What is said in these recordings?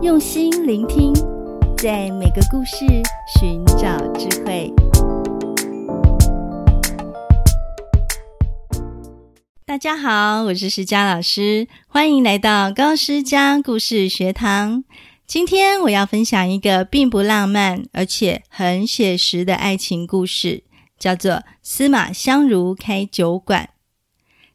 用心聆聽，在每個故事尋找智慧。大家好，我是詩佳老師，歡迎來到高詩佳故事學堂。今天我要分享一個並不浪漫，而且很寫實的愛情故事，叫做《司馬相如開酒館》。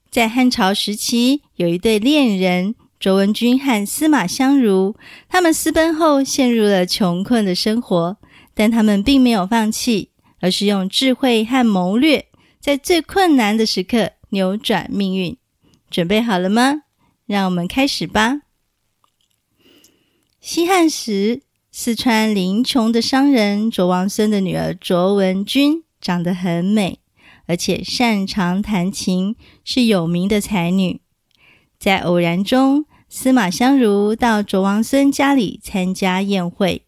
在漢朝時期，有一對戀人。卓文君和司馬相如，他們私奔後陷入了窮困的生活，但他們並沒有放棄，而是用智慧和謀略，在最困難的時刻扭轉命運。準備好了嗎？讓我們開始吧。西漢時，四川臨邛的商人卓王孫的女兒卓文君，長得很美，而且擅長彈琴，是有名的才女，在偶然中，司馬相如到卓王孫家裡參加宴會，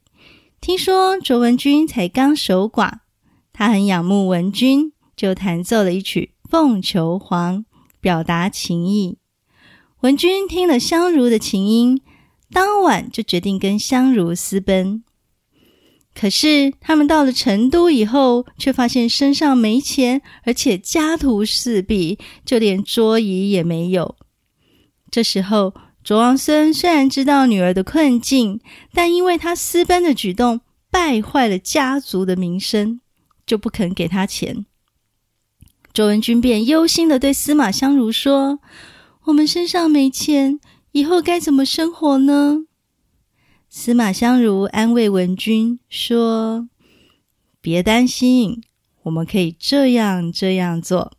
聽說卓文君才剛守寡，他很仰慕文君，就彈奏了一曲《鳳求凰》，表達情意。文君聽了相如的琴音，當晚就決定跟相如私奔。可是他們到了成都以後，却發現身上沒錢，而且家徒四壁，就連桌椅也沒有。這時候。卓王孫雖然知道女兒的困境，但因為他私奔的舉動敗壞了家族的名聲，就不肯給他錢。卓文君便憂心地對司馬相如說：“我們身上沒錢，以後該怎麼生活呢？”司馬相如安慰文君說：“別擔心，我們可以這樣這樣做。”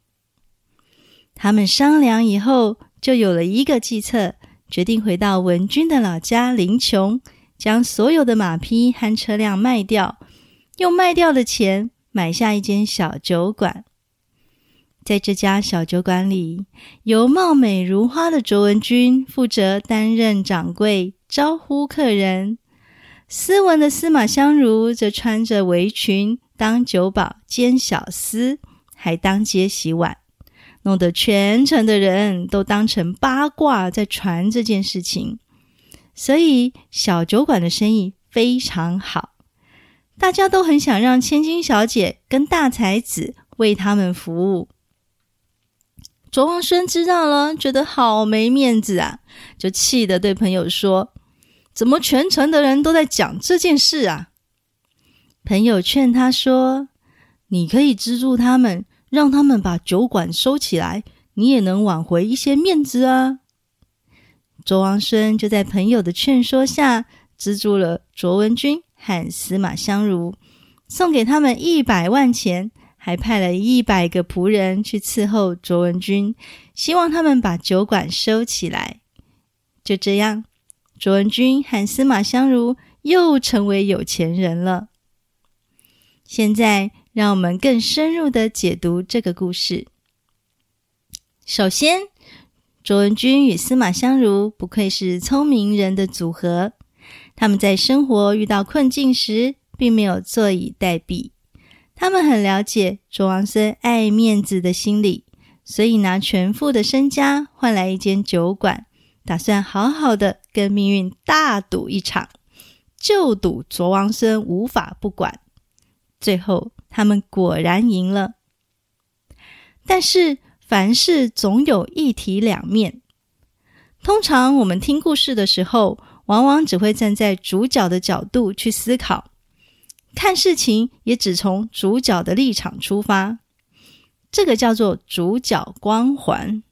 他們商量以後，就有了一個計策。決定回到文君的老家臨邛，將所有的馬匹和車輛賣掉，用賣掉的錢買下一間小酒館。在這家小酒館裡，由貌美如花的卓文君負責擔任掌櫃，招呼客人；斯文的司馬相如則穿着圍裙當酒保兼小廝，還當街洗碗。弄得全城的人都當成八卦在傳這件事情，所以小酒館的生意非常好，大家都很想讓千金小姐跟大才子為他們服務。卓王孫知道了，覺得好沒面子啊，就氣得對朋友說：“怎麼全城的人都在講這件事啊？”朋友勸他說：“你可以資助他們。”讓他們把酒館收起來，你也能挽回一些面子啊！卓王孫就在朋友的勸說下資助了卓文君和司馬相如，送給他們一百萬錢，還派了一百個僕人去伺候卓文君，希望他們把酒館收起來。就這樣，卓文君和司馬相如又成為有錢人了。現在。讓我們更深入的解讀這個故事。首先，卓文君與司馬相如不愧是聰明人的組合。他們在生活遇到困境時，並沒有坐以待斃。他們很了解卓王孫愛面子的心理，所以拿全副的身家換來一間酒館，打算好好的跟命運大賭一場，就賭卓王孫無法不管。最後，他們果然贏了，但是凡事總有一體兩面。通常我們聽故事的時候，往往只會站在主角的角度去思考，看事情也只從主角的立場出發，這個叫做主角光環。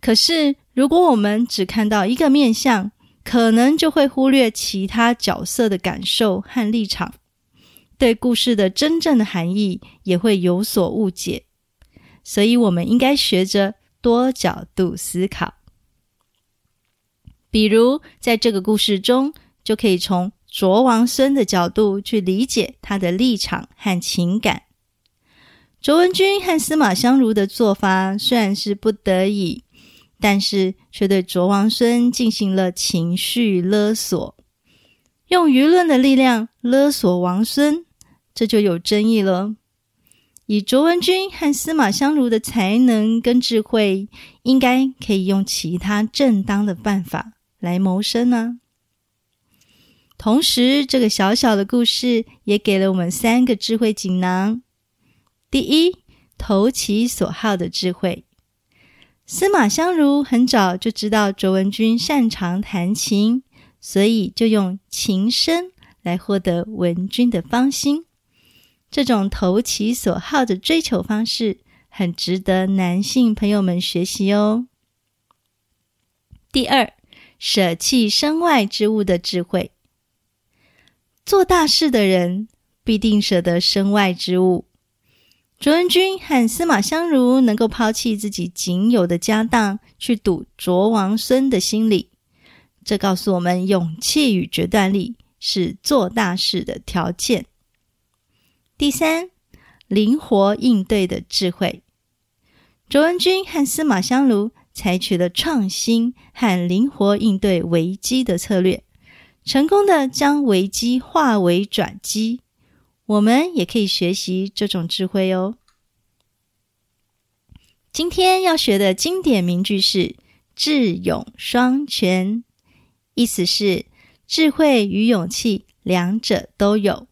可是如果我們只看到一個面向，可能就會忽略其他角色的感受和立場。對故事的真正的含義也會有所誤解，所以我們應該學着多角度思考。比如，在這個故事中，就可以從卓王孫的角度去理解他的立場和情感。卓文君和司馬相如的做法雖然是不得已，但是卻對卓王孫進行了情緒勒索，用輿論的力量勒索王孫。這就有爭議了。以卓文君和司馬相如的才能跟智慧，應該可以用其他正當的辦法來謀生呢、啊。同時，這個小小的故事也給了我們三個智慧錦囊：第一，投其所好的智慧。司馬相如很早就知道卓文君擅長彈琴，所以就用琴聲來獲得文君的芳心。這種投其所好的追求方式，很值得男性朋友們學習哦。第二，捨棄身外之物的智慧。做大事的人必定捨得身外之物。卓文君和司馬相如能夠拋棄自己僅有的家當，去賭卓王孫的心理。這告訴我們，勇氣與決斷力是做大事的條件。第三，靈活應對的智慧。卓文君和司馬相如採取了創新和靈活應對危機的策略，成功地將危機化為轉機。我們也可以學習這種智慧哦。今天要學的經典名句是“智勇雙全”，意思是智慧與勇氣兩者都有。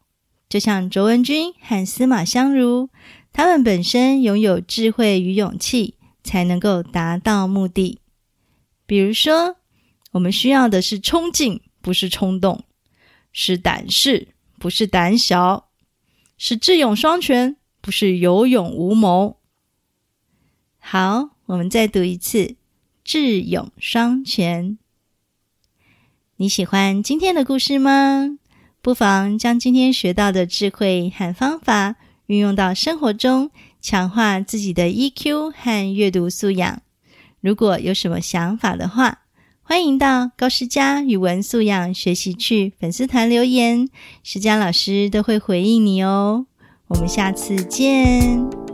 就像卓文君和司馬相如，他們本身擁有智慧與勇氣，才能夠達到目的。比如說，我們需要的是衝勁，不是衝動；是膽識，不是膽小；是智勇雙全，不是有勇無謀。好，我們再讀一次“智勇雙全”。你喜歡今天的故事嗎？不妨將今天學到的智慧和方法運用到生活中，強化自己的 EQ 和閱讀素養。如果有什麼想法的話，歡迎到高詩佳語文素養學習趣粉絲團留言，詩佳老師都會回應你哦。我們下次見。